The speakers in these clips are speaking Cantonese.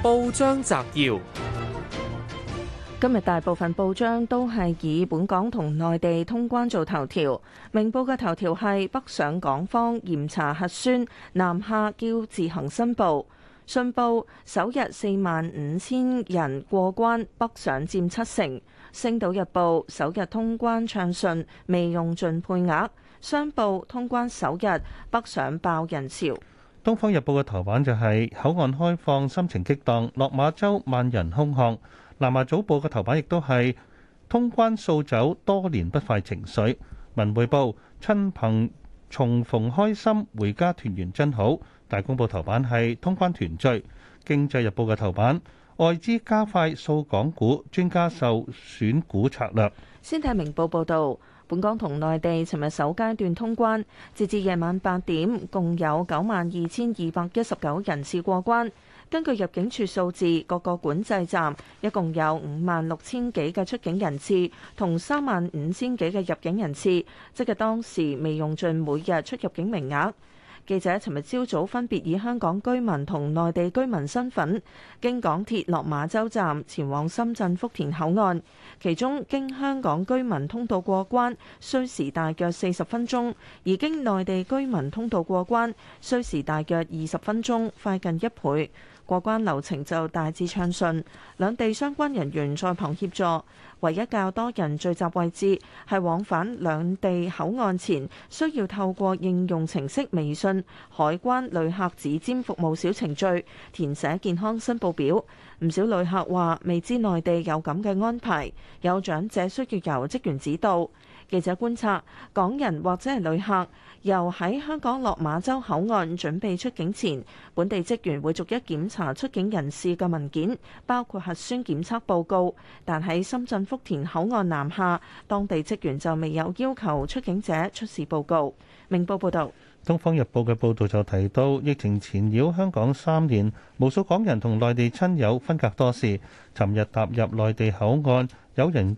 報章摘要：今日大部分報章都係以本港同內地通關做頭條。明報嘅頭條係北上港方嚴查核酸，南下叫自行申報。信報首日四萬五千人過關，北上佔七成。星島日報首日通關暢順，未用盡配額。商報通關首日北上爆人潮。東方日報嘅頭版就係口岸開放，心情激盪，落馬洲萬人空巷。南華早報嘅頭版亦都係通關掃走多年不快情緒。文匯報親朋重逢開心，回家團圓真好。大公報頭版係通關團聚。經濟日報嘅頭版外資加快掃港股，專家受選股策略。先睇明報報道。本港同內地尋日首階段通關，截至夜晚八點，共有九萬二千二百一十九人次過關。根據入境處數字，各個管制站一共有五萬六千幾嘅出境人次，同三萬五千幾嘅入境人次，即係當時未用盡每日出入境名額。記者尋日朝早分別以香港居民同內地居民身份，經港鐵落馬洲站前往深圳福田口岸，其中經香港居民通道過關需時大約四十分鐘，而經內地居民通道過關需時大約二十分鐘，快近一倍。過關流程就大致暢順，兩地相關人員在旁協助。唯一較多人聚集位置係往返兩地口岸前，需要透過應用程式微信海關旅客指尖服務小程序填寫健康申報表。唔少旅客話未知內地有咁嘅安排，有長者需要由職員指導。記者觀察，港人或者係旅客，由喺香港落馬洲口岸準備出境前，本地職員會逐一檢查出境人士嘅文件，包括核酸檢測報告。但喺深圳福田口岸南下，當地職員就未有要求出境者出示報告。明報報道。《東方日報》嘅報導就提到，疫情纏繞香港三年，無數港人同內地親友分隔多時。尋日踏入內地口岸，有人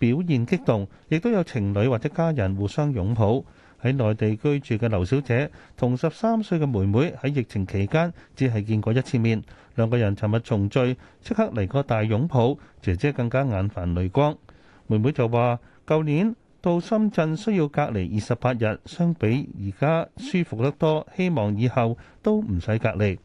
表現激動，亦都有情侶或者家人互相擁抱。喺內地居住嘅劉小姐同十三歲嘅妹妹喺疫情期間只係見過一次面，兩個人尋日重聚，即刻嚟個大擁抱。姐姐更加眼泛淚光，妹妹就話：舊年到深圳需要隔離二十八日，相比而家舒服得多，希望以後都唔使隔離。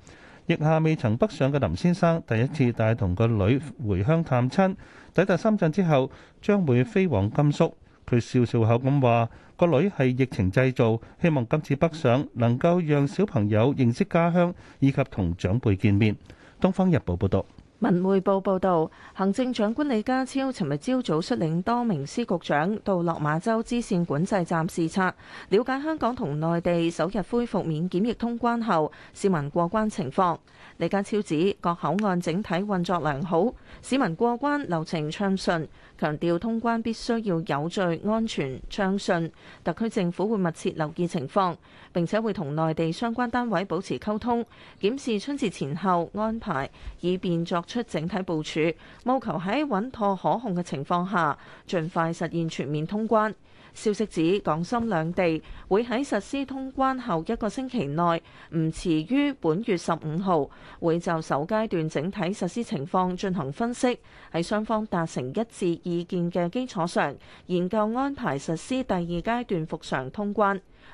疫下未曾北上嘅林先生，第一次帶同個女回鄉探親，抵達深圳之後將會飛往甘肅，佢笑笑口咁話個女係疫情製造，希望今次北上能夠讓小朋友認識家鄉以及同長輩見面。《東方日報》報道。文匯報報道，行政長官李家超尋日朝早率領多名司局長到落馬洲支線管制站視察，了解香港同內地首日恢復免檢疫通關後市民過關情況。李家超指，各口岸整體運作良好，市民過關流程暢順，強調通關必須要有序、安全、暢順。特區政府會密切留意情況，並且會同內地相關單位保持溝通，檢視春節前後安排，以便作出。出整體部署，務求喺穩妥可控嘅情況下，盡快實現全面通關。消息指，港深兩地會喺實施通關後一個星期內，唔遲於本月十五號，會就首階段整體實施情況進行分析，喺雙方達成一致意見嘅基礎上，研究安排實施第二階段復常通關。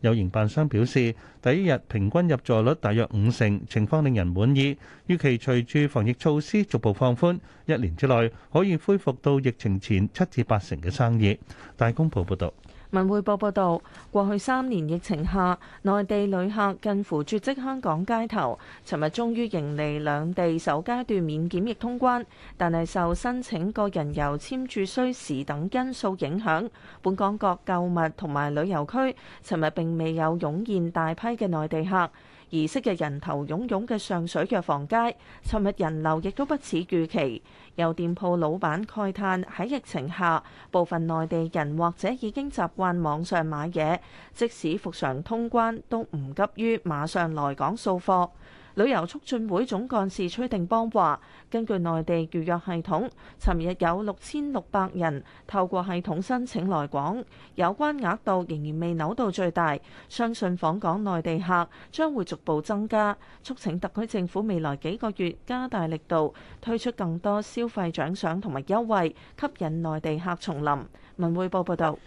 有營辦商表示，第一日平均入座率大約五成，情況令人滿意。預期隨住防疫措施逐步放寬，一年之內可以恢復到疫情前七至八成嘅生意。大公報報道。文匯報報道，過去三年疫情下，內地旅客近乎絕迹香港街頭。尋日終於迎嚟兩地首階段免檢疫通關，但係受申請個人遊簽注需時等因素影響，本港各購物同埋旅遊區尋日並未有湧現大批嘅內地客。儀式嘅人頭湧湧嘅上水藥房街，尋日人流亦都不似預期。有店鋪老闆慨嘆喺疫情下，部分內地人或者已經習慣網上買嘢，即使復常通關，都唔急於馬上來港掃貨。旅遊促進會總幹事崔定邦話：根據內地預約系統，尋日有六千六百人透過系統申請來港，有關額度仍然未扭到最大，相信訪港內地客將會逐步增加，促請特區政府未來幾個月加大力度推出更多消費獎賞同埋優惠，吸引內地客重臨。文匯報報道。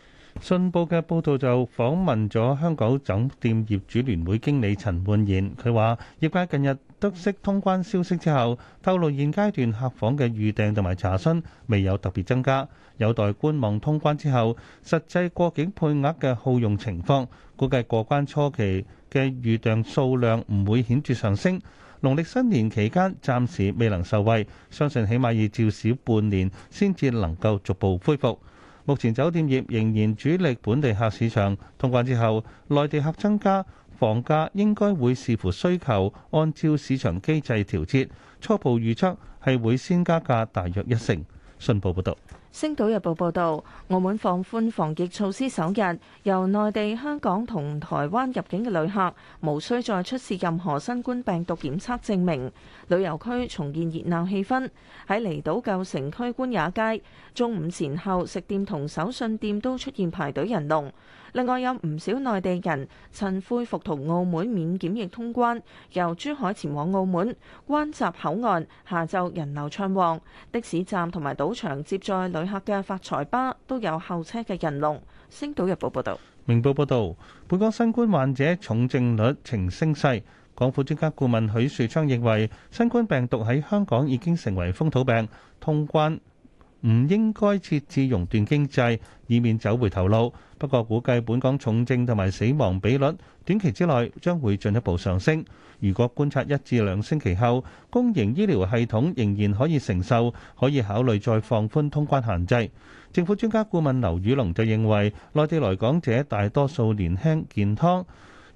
信報嘅報導就訪問咗香港酒店業主聯會經理陳冠賢，佢話業界近日得悉通關消息之後，透露現階段客房嘅預訂同埋查詢未有特別增加，有待觀望通關之後實際過境配額嘅耗用情況。估計過關初期嘅預訂數量唔會顯著上升，農曆新年期間暫時未能受惠，相信起碼要至少半年先至能夠逐步恢復。目前酒店業仍然主力本地客市場，通關之後，內地客增加，房價應該會視乎需求，按照市場機制調節，初步預測係會先加價大約一成。信報報道。星島日報報道，澳門放寬防疫措施首日，由內地、香港同台灣入境嘅旅客，無需再出示任何新冠病毒檢測證明。旅遊區重現熱鬧氣氛，喺離島舊城區官也街，中午前後食店同手信店都出現排隊人龍。另外有唔少內地人趁恢復同澳門免檢疫通關，由珠海前往澳門，關閘口岸下晝人流暢旺，的士站同埋賭場接載旅客嘅發財巴都有候車嘅人龍。星島日報報道。明報報道，本港新冠患者重症率呈升勢，港府專家顧問許樹昌認為，新冠病毒喺香港已經成為風土病。通關，唔應該設置熔斷經濟，以免走回頭路。不過，估計本港重症同埋死亡比率短期之內將會進一步上升。如果觀察一至兩星期後，公營醫療系統仍然可以承受，可以考慮再放寬通關限制。政府專家顧問劉宇龍就認為，內地來港者大多數年輕健康，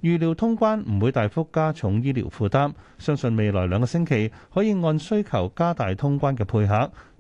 預料通關唔會大幅加重醫療負擔。相信未來兩個星期可以按需求加大通關嘅配額。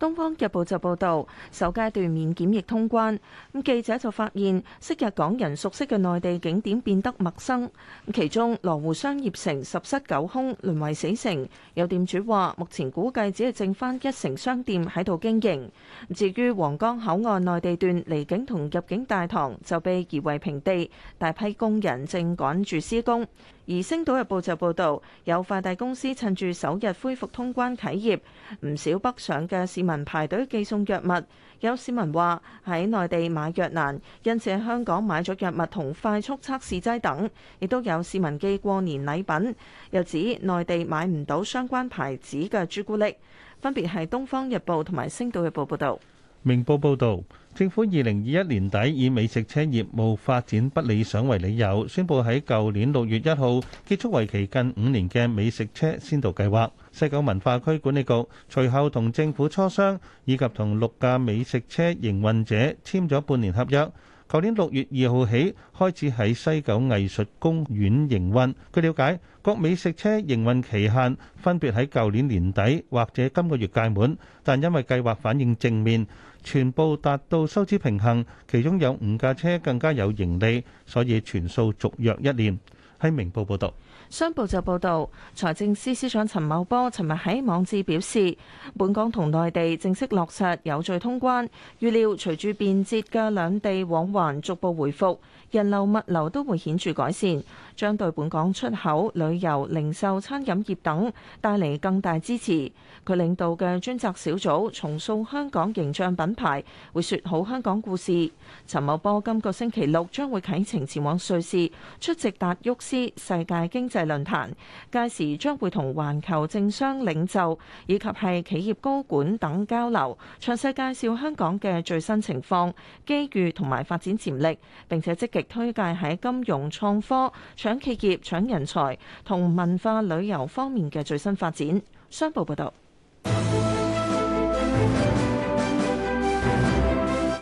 《東方日報》就報導，首階段免檢疫通關，咁記者就發現昔日港人熟悉嘅內地景點變得陌生。其中羅湖商業城十室九空，淪為死城。有店主話，目前估計只係剩翻一成商店喺度經營。至於皇崗口岸內地段離境同入境大堂就被夷為平地，大批工人正趕住施工。而《星島日報》就報導，有快遞公司趁住首日恢復通關企業，唔少北上嘅市民排隊寄送藥物。有市民話喺內地買藥難，因此喺香港買咗藥物同快速測試劑等。亦都有市民寄過年禮品，又指內地買唔到相關牌子嘅朱古力。分別係《東方日報》同埋《星島日報》報導。明報報導，政府二零二一年底以美食車業務發展不理想為理由，宣布喺舊年六月一號結束為期近五年嘅美食車先導計劃。西九文化區管理局隨後同政府磋商，以及同六架美食車營運者簽咗半年合約。舊年六月二號起開始喺西九藝術公園營運。據了解，各美食車營運期限分別喺舊年年底或者今個月屆滿，但因為計劃反應正面。全部達到收支平衡，其中有五架車更加有盈利，所以全數續約一年。喺明報報導，商報就報導，財政司司長陳茂波尋日喺網誌表示，本港同內地正式落實有序通關，預料隨住便捷嘅兩地往還逐步回復。人流物流都會顯著改善，將對本港出口、旅遊、零售、餐飲業等帶嚟更大支持。佢領導嘅專責小組重塑香港形象品牌，會説好香港故事。陳茂波今個星期六將會啟程前往瑞士出席達沃斯世界經濟論壇，屆時將會同環球政商領袖以及係企業高管等交流，詳細介紹香港嘅最新情況、機遇同埋發展潛力，並且積極推介喺金融、創科、搶企業、搶人才同文化旅遊方面嘅最新發展。商報報道。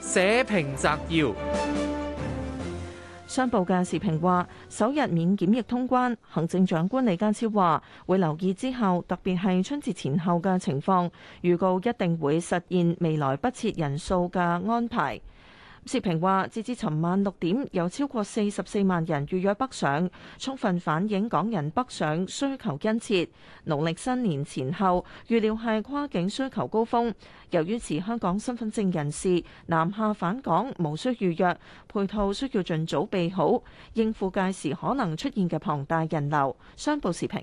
社評摘要。商報嘅社評話，首日免檢疫通關，行政長官李家超話會留意之後，特別係春節前後嘅情況，預告一定會實現未來不設人數嘅安排。社評話，截至尋晚六點，有超過四十四萬人預約北上，充分反映港人北上需求殷切。農曆新年前後預料係跨境需求高峰。由於持香港身份證人士南下返港無需預約，配套需要盡早備好，應付屆時可能出現嘅龐大人流。商報社評。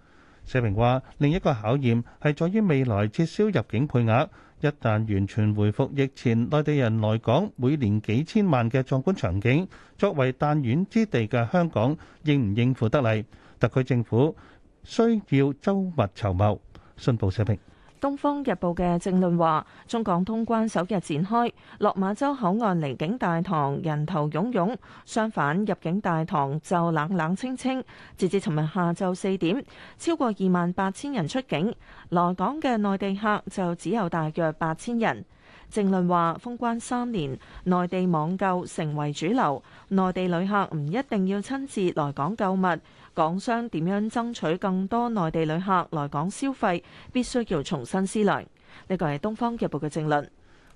社評話：另一個考驗係在於未來撤銷入境配額，一旦完全回復疫前，內地人來港每年幾千萬嘅壯觀場景，作為彈丸之地嘅香港應唔應付得嚟？特區政府需要周密籌謀。信報社評。《東方日報》嘅正論話：中港通關首日展開，落馬洲口岸離境大堂人頭湧湧，相反入境大堂就冷冷清清。截至尋日下晝四點，超過二萬八千人出境，來港嘅內地客就只有大約八千人。政論話，封關三年，內地網購成為主流，內地旅客唔一定要親自來港購物，港商點樣爭取更多內地旅客來港消費，必須要重新思量。呢個係東方日報嘅政論。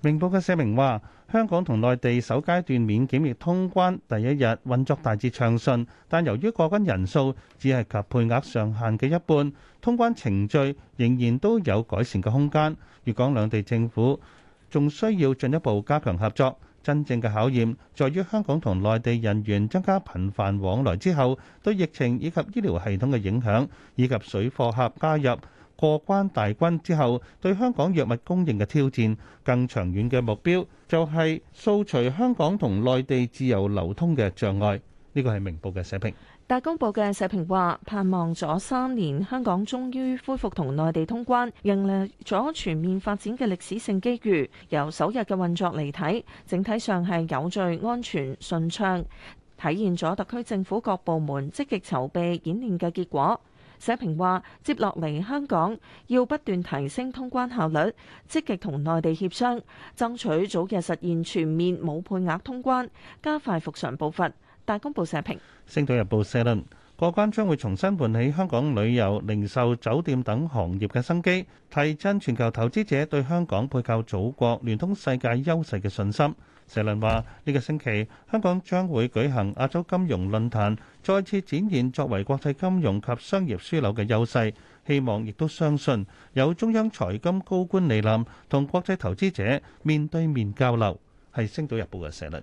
明報嘅社評話，香港同內地首階段免檢疫通關第一日運作大致暢順，但由於過關人數只係及配額上限嘅一半，通關程序仍然都有改善嘅空間。粵港兩地政府，仲需要進一步加強合作。真正嘅考驗，在於香港同內地人員增加頻繁往來之後，對疫情以及醫療系統嘅影響，以及水貨客加入過關大軍之後，對香港藥物供應嘅挑戰。更長遠嘅目標，就係掃除香港同內地自由流通嘅障礙。呢個係明報嘅社評。大公報嘅社評話：盼望咗三年，香港終於恢復同內地通關，迎嚟咗全面發展嘅歷史性機遇。由首日嘅運作嚟睇，整體上係有序、安全、順暢，體現咗特區政府各部門積極籌備演練嘅結果。社評話：接落嚟，香港要不斷提升通關效率，積極同內地協商，爭取早日實現全面冇配額通關，加快復常步伐。大公報社評，《星島日報》社論：過關將會重新喚起香港旅遊、零售、酒店等行業嘅生機，提振全球投資者對香港背靠祖國、聯通世界優勢嘅信心。社論話：呢個星期香港將會舉行亞洲金融論壇，再次展現作為國際金融及商業樞紐嘅優勢。希望亦都相信有中央財金高官蒞臨，同國際投資者面對面交流，係《星島日報》嘅社論。